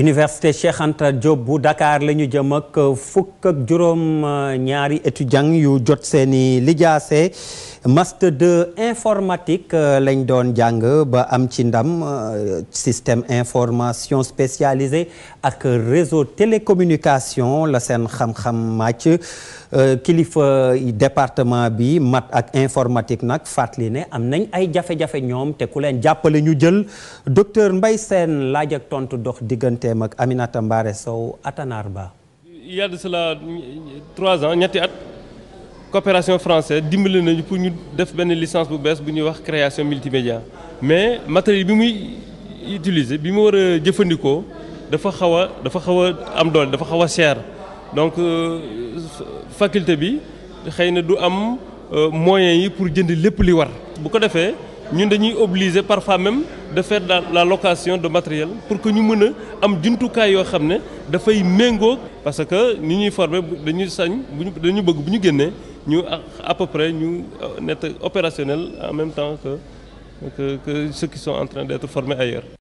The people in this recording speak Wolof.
université Cheikh Anta Diop bu Dakar la ñu jëm ak fukk ak juróom ñaari étudiants yu jot seeni lijaase master 2 informatique euh, lañ doon jàng ba am ci ndam euh, système information spécialisé ak réseau télécommunication la seen xam-xam màcc euh, kilifa département bi mat ak informatique nag fàttali ne am nañ ay jafe-jafe ñoom te ku leen jàppale ñu jël docteur mbay seen laaj ak tontu dox digganteem ak Aminata Mbaare Sow Atanar Ba. il y a trois ans ñetti at. coopération francais dimbali nañu pour ñu def benn licence bu bees bu ñuy wax création multimédia mais matériel bi muy utiliser bi mu war a jëfandikoo dafa xaw a dafa xaw a am doole dafa xaw a cher donc euh, faculté bi xëy na du am euh, moyens yi pour jënd lépp li war bu ko defee ñun dañuy obligé parfois même de faire la la location de matériel pour que ñu mën a am juntukaay yoo xam ne dafay méngoo parce que ni ñuy former dañuy sañ dañu bëgg bu ñu génnee ñu à peu près ñu euh, nekk opérationnel en même temps que que que ceux qui sont en train d'être formés ailleurs